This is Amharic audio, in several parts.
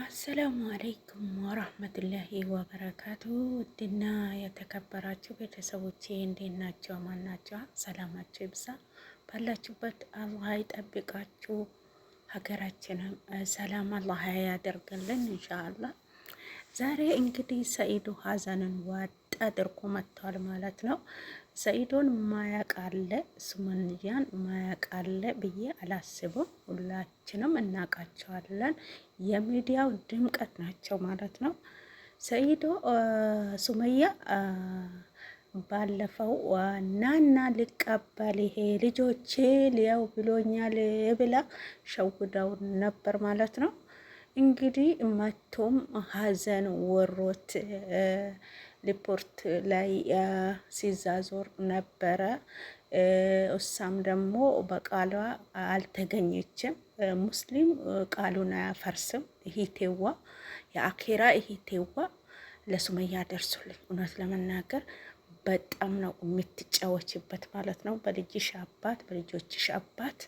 አሰላሙ አለይኩም ወራህመቱላሂ ወበረካቱ። ውድና የተከበራችሁ ቤተሰቦቼ እንዴት ናቸው? ማን ናቸው? ሰላማችሁ ይብዛ። ባላችሁበት አላህ ይጠብቃችሁ። ሀገራችንም ሰላም አላህ ያደርግልን ኢንሻአላህ። ዛሬ እንግዲህ ሰኢዱ ሀዘንን ዋድ አድርጎ መጥቷል ማለት ነው። ሰኢዶን ማያቃለ ሱመያን ማያቃለ ብዬ አላስብም። ሁላችንም እናቃቸዋለን። የሚዲያው ድምቀት ናቸው ማለት ነው። ሰኢዶ ሱመያ ባለፈው ናና ልቀበል ይሄ ልጆቼ ሊያው ብሎኛል ብላ ሸውደው ነበር ማለት ነው። እንግዲህ መቶም ሀዘን ወሮት ሪፖርት ላይ ሲዛዞር ነበረ። እሷም ደግሞ በቃሏ አልተገኘችም። ሙስሊም ቃሉን አያፈርስም። እሂቴዋ የአኬራ እሂቴዋ ለሱመያ ደርሶልኝ፣ እውነት ለመናገር በጣም ነው የምትጫወችበት ማለት ነው። በልጅሽ አባት፣ በልጆችሽ አባት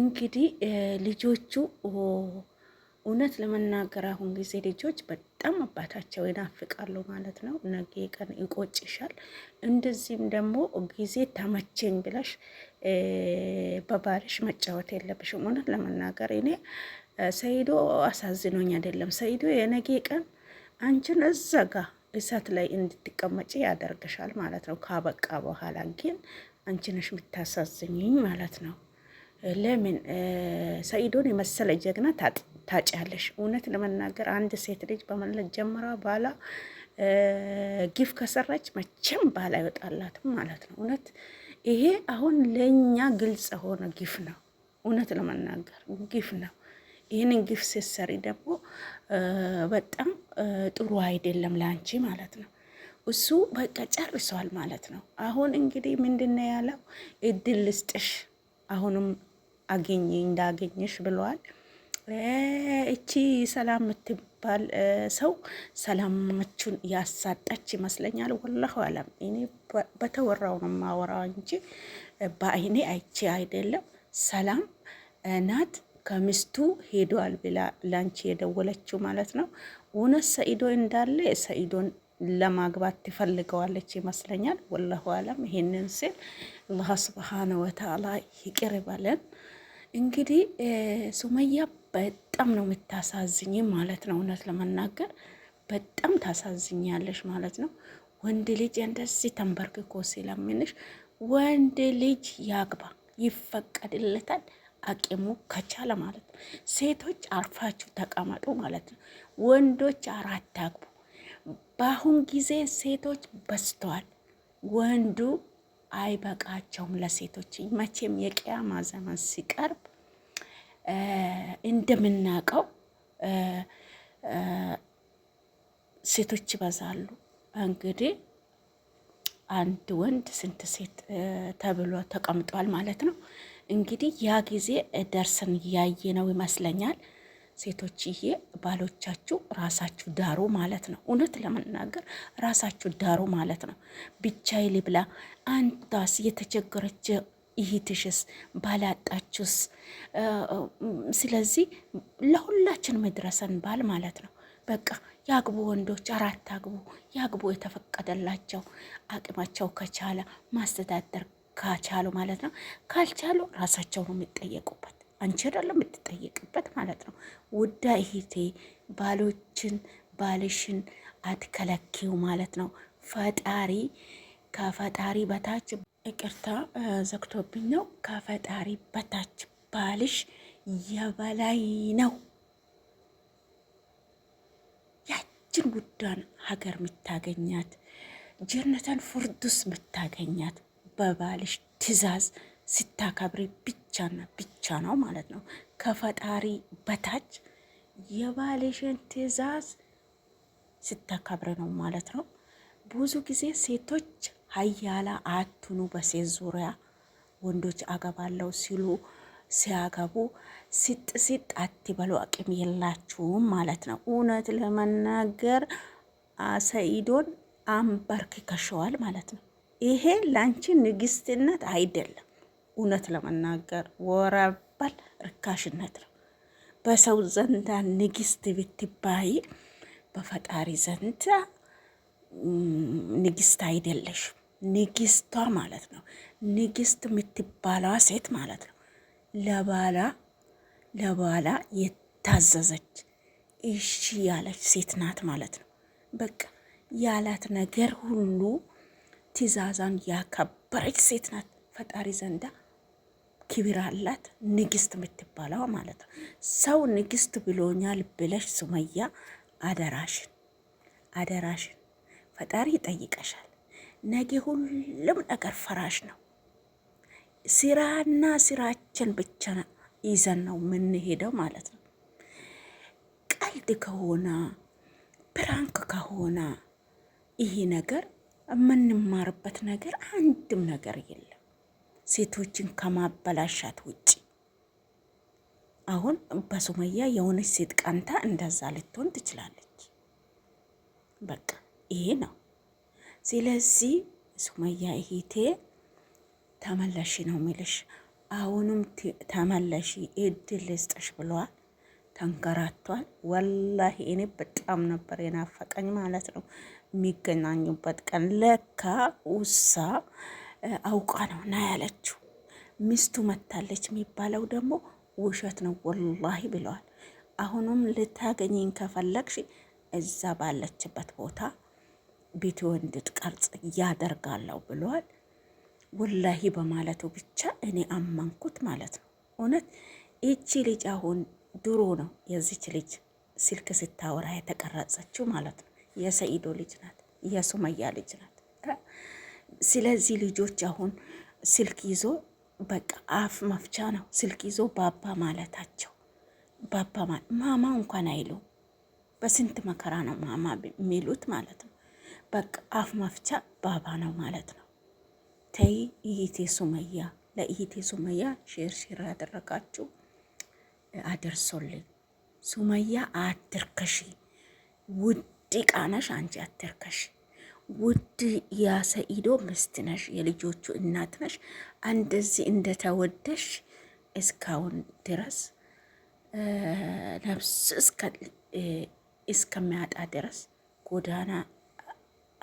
እንግዲህ ልጆቹ እውነት ለመናገር አሁን ጊዜ ልጆች በጣም አባታቸው ይናፍቃሉ ማለት ነው። ነገ ቀን ይቆጭሻል። እንደዚህም ደግሞ ጊዜ ተመቼኝ ብለሽ በባልሽ መጫወት የለብሽም። እውነት ለመናገር እኔ ሰይዶ አሳዝኖኝ አይደለም። ሰይዶ የነገ ቀን አንቺን እዛ ጋ እሳት ላይ እንድትቀመጭ ያደርግሻል ማለት ነው። ካበቃ በኋላ ግን አንቺንሽ የምታሳዝኝኝ ማለት ነው። ለምን ሰይዶን የመሰለ ጀግና ታጥ ታጭያለሽ። እውነት ለመናገር አንድ ሴት ልጅ በመለት ጀምራ ባላ ግፍ ከሰራች መቼም ባል አይወጣላትም ማለት ነው። እውነት ይሄ አሁን ለእኛ ግልጽ ሆነ ግፍ ነው። እውነት ለመናገር ግፍ ነው። ይህንን ግፍ ስትሰሪ ደግሞ በጣም ጥሩ አይደለም ለአንቺ ማለት ነው። እሱ በቃ ጨርሷል ማለት ነው። አሁን እንግዲህ ምንድን ነው ያለው? እድል ልስጥሽ፣ አሁንም አገኘ እንዳገኘሽ ብለዋል። እቺ ሰላም የምትባል ሰው ሰላማችሁን ያሳጣች ይመስለኛል። ወላሁ አለም እኔ በተወራው ነው ማወራ እንጂ በአይኔ አይቼ አይደለም። ሰላም ናት ከሚስቱ ሄዷል ብላ ላንቺ የደወለችው ማለት ነው። እውነት ሰኢዶ እንዳለ ሰኢዶን ለማግባት ትፈልገዋለች ይመስለኛል። ወላሁ አለም። ይሄንን ስል አላህ ስብሓነ ወተዓላ ይቅር በለን። እንግዲህ ሱመያ በጣም ነው የምታሳዝኝ ማለት ነው። እውነት ለመናገር በጣም ታሳዝኛለሽ ማለት ነው። ወንድ ልጅ እንደዚህ ተንበርክኮ ሲለምንሽ ወንድ ልጅ ያግባ ይፈቀድለታል፣ አቅሙ ከቻለ ማለት ነው። ሴቶች አርፋችሁ ተቀመጡ ማለት ነው። ወንዶች አራት አግቡ። በአሁን ጊዜ ሴቶች በዝተዋል። ወንዱ አይበቃቸውም። ለሴቶች መቼም የቅያማ ዘመን ሲቀርብ እንደምናውቀው ሴቶች ይበዛሉ። እንግዲህ አንድ ወንድ ስንት ሴት ተብሎ ተቀምጧል ማለት ነው። እንግዲህ ያ ጊዜ ደርሰን እያየ ነው ይመስለኛል። ሴቶችዬ ባሎቻችሁ ራሳችሁ ዳሩ ማለት ነው። እውነት ለመናገር ራሳችሁ ዳሩ ማለት ነው። ብቻዬ ልብላ፣ አንዷስ የተቸገረች ይህትሽስ ባላጣችሁስ? ስለዚህ ለሁላችን መድረሰን ባል ማለት ነው። በቃ ያግቡ ወንዶች፣ አራት አግቡ፣ ያግቡ የተፈቀደላቸው አቅማቸው ከቻለ ማስተዳደር ካቻሉ ማለት ነው። ካልቻሉ ራሳቸው ነው የሚጠየቁበት። አንቺ አይደለም የምትጠየቅበት ማለት ነው። ውዳ ይሄቴ ባሎችን ባልሽን አትከለኪው ማለት ነው። ፈጣሪ ከፈጣሪ በታች ይቅርታ ዘግቶብኝ ነው። ከፈጣሪ በታች ባልሽ የበላይ ነው። ያችን ውዳን ሀገር ምታገኛት ጀነተን ፍርዱስ ምታገኛት በባልሽ ትዕዛዝ ስታከብሪ ብቻና ብቻ ነው ማለት ነው። ከፈጣሪ በታች የባልሽን ትዕዛዝ ስታከብሪ ነው ማለት ነው። ብዙ ጊዜ ሴቶች ሀያላ አትኑ። በሴት ዙሪያ ወንዶች አገባለው ሲሉ ሲያገቡ ሲጥ ሲጥ አትበሉ፣ አቅም የላችሁም ማለት ነው። እውነት ለመናገር ሰኢዶን አንበርክከሸዋል ማለት ነው። ይሄ ላንቺ ንግስትነት አይደለም። እውነት ለመናገር ወራባል ርካሽነት ነው። በሰው ዘንዳ ንግስት ብትባይ በፈጣሪ ዘንዳ ንግስት አይደለሽ። ንግስቷ ማለት ነው። ንግስት የምትባለዋ ሴት ማለት ነው። ለባላ ለባላ የታዘዘች እሺ ያለች ሴት ናት ማለት ነው። በቃ ያላት ነገር ሁሉ ትእዛዛን ያከበረች ሴት ናት ፈጣሪ ዘንዳ ክብር አላት ንግስት የምትባለው ማለት ነው። ሰው ንግስት ብሎኛል ብለሽ ሱመያ አደራሽን አደራሽን ፈጣሪ ይጠይቀሻል። ነገ ሁሉም ነገር ፈራሽ ነው። ስራና ስራችን ብቻ ይዘን ነው የምንሄደው ማለት ነው። ቀልድ ከሆነ ፕራንክ ከሆነ ይሄ ነገር የምንማርበት ነገር አንድም ነገር የለም። ሴቶችን ከማበላሻት ውጭ አሁን በሱመያ የሆነች ሴት ቀንታ እንደዛ ልትሆን ትችላለች። በቃ ይሄ ነው። ስለዚህ ሱመያ እህቴ ተመላሽ ነው የሚልሽ። አሁንም ተመለሽ እድል ልስጥሽ ብሏል። ተንከራቷል። ወላሂ እኔ በጣም ነበር የናፈቀኝ ማለት ነው የሚገናኙበት ቀን ለካ ውሳ አውቃ ነው ና ያለችው። ሚስቱ መታለች የሚባለው ደግሞ ውሸት ነው ወላሂ ብለዋል። አሁኑም ልታገኝኝ ከፈለግሽ እዛ ባለችበት ቦታ ቪዲዮ እንድትቀርጽ እያደርጋለሁ ብለዋል። ወላሂ በማለቱ ብቻ እኔ አመንኩት ማለት ነው። እውነት ይቺ ልጅ አሁን ድሮ ነው የዚች ልጅ ስልክ ስታወራ የተቀረጸችው ማለት ነው። የሰኢዶ ልጅ ናት፣ የሱመያ ልጅ ናት። ስለዚህ ልጆች አሁን ስልክ ይዞ በቃ አፍ መፍቻ ነው ስልክ ይዞ ባባ ማለታቸው። ባባ ማለት ማማ እንኳን አይሉ በስንት መከራ ነው ማማ የሚሉት ማለት ነው። በቃ አፍ መፍቻ ባባ ነው ማለት ነው። ተይ እህቴ ሱመያ፣ ለእህቴ ሱመያ ሼር ሼር ያደረጋችሁ አደርሶልኝ። ሱመያ አትርከሽ፣ ውድ ቃነሽ አንቺ አትርከሽ። ውድ ያሰኢዶ ሚስት ነሽ፣ የልጆቹ እናት ነሽ። እንደዚህ እንደተወደሽ እስካሁን ድረስ ነፍስ እስከሚያጣ ድረስ ጎዳና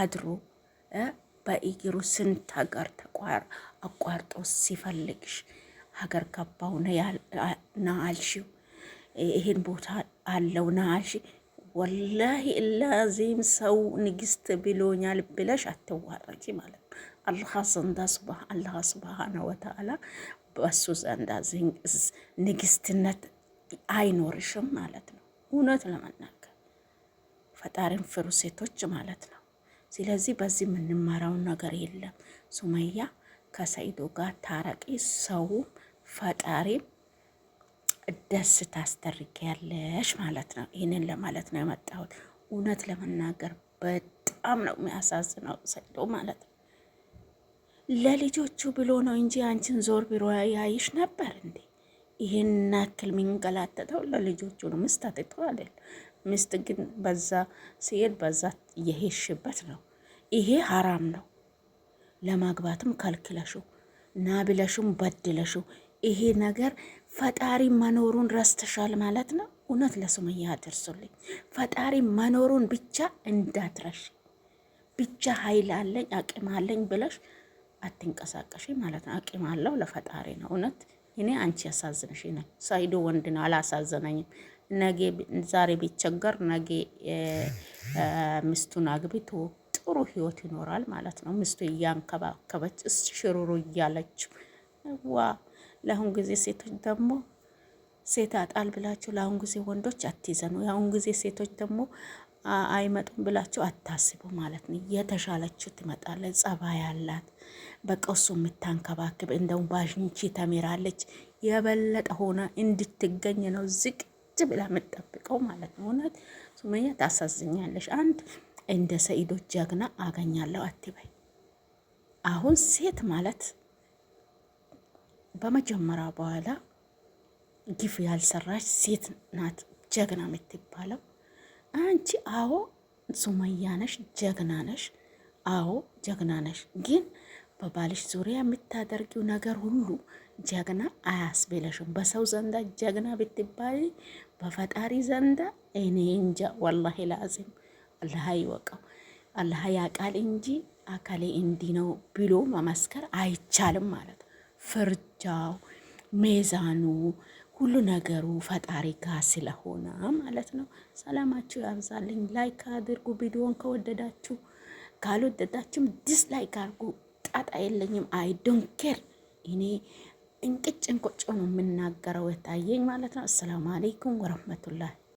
አድሮ በእግሩ ስንት ሀገር ተቋር አቋርጦ ሲፈልግሽ ሀገር ገባው ና አልሽው፣ ይህን ቦታ አለው ና አልሽ ወላሂ እላዚም ሰው ንግስት ብሎኛል ብለሽ አትዋረጂ ማለት ነው። አላህ ዘንዳ አላህ ስብሓነ ወተዓላ በሱ ዘንዳ ንግስትነት አይኖርሽም ማለት ነው። እውነት ለመናገር ፈጣሪን ፍሩ ሴቶች ማለት ነው። ስለዚህ በዚህ የምንማረው ነገር የለም። ሱመያ ከሰይዶ ጋር ታረቂ። ሰውም ፈጣሪም ደስ ታስተርጊያለሽ ማለት ነው። ይህንን ለማለት ነው የመጣሁት። እውነት ለመናገር በጣም ነው የሚያሳዝነው ሰይዶ ማለት ነው። ለልጆቹ ብሎ ነው እንጂ አንቺን ዞር ቢሮ ያይሽ ነበር እንዴ? ይህን ያክል የሚንገላተተው ለልጆቹ ነው። ምስት አጥቶ አይደል? ምስት ግን በዛ ሲሄድ በዛ የሄሽበት ነው። ይሄ ሀራም ነው። ለማግባትም ከልክለሹ ና ብለሽም በድለሽው ይሄ ነገር ፈጣሪ መኖሩን ረስተሻል ማለት ነው። እውነት ለሱመያ አደርሱልኝ። ፈጣሪ መኖሩን ብቻ እንዳትረሽ ብቻ ኃይል አለኝ አቅም አለኝ ብለሽ አትንቀሳቀሽ ማለት ነው። አቅም አለው ለፈጣሪ ነው። እውነት እኔ አንቺ ያሳዝንሽ ነ ሳይዶ ወንድ ነው አላሳዘነኝም። ነገ ዛሬ ቢቸገር ነገ ሚስቱን አግብቶ ጥሩ ህይወት ይኖራል ማለት ነው። ሚስቱ እያንከባከበች ሽሩሩ እያለች ዋ ለአሁን ጊዜ ሴቶች ደግሞ ሴት አጣል ብላችሁ ለአሁን ጊዜ ወንዶች አትይዘኑ። የአሁን ጊዜ ሴቶች ደግሞ አይመጡም ብላችሁ አታስቡ ማለት ነው። የተሻለችው ትመጣለች። ጸባይ ያላት በቀሱ የምታንከባክብ እንደውም ባሽንቺ ተሜራለች የበለጠ ሆነ እንድትገኝ ነው ዝቅ ብላ የምጠብቀው ማለት ነው። እውነት ሱመያ ታሳዝኛለች። አንድ እንደ ሰኢዶ ጀግና አገኛለሁ አትበይ። አሁን ሴት ማለት በመጀመሪያ በኋላ ግፍ ያልሰራች ሴት ናት ጀግና የምትባለው። አንቺ አዎ ሱመያ ነሽ፣ ጀግና ነሽ። አዎ ጀግና ነሽ። ግን በባልሽ ዙሪያ የምታደርጊው ነገር ሁሉ ጀግና አያስብለሽም። በሰው ዘንዳ ጀግና ብትባል በፈጣሪ ዘንዳ እኔ እንጃ። ወላሂ ላዚም አላህ ይወቀው፣ አላህ ያቃል እንጂ አካሌ እንዲ ነው ብሎ መመስከር አይቻልም ማለት ፍርድ ምድጃው፣ ሜዛኑ፣ ሁሉ ነገሩ ፈጣሪ ጋር ስለሆነ ማለት ነው። ሰላማችሁ ያብዛልኝ። ላይክ አድርጉ ቪዲዮን ከወደዳችሁ፣ ካልወደዳችሁም ዲስላይክ አድርጉ። ጣጣ የለኝም። አይ ዶን ኬር እኔ እንቅጭ እንቆጮ ነው የምናገረው የታየኝ ማለት ነው። አሰላሙ አሌይኩም ወረህመቱላህ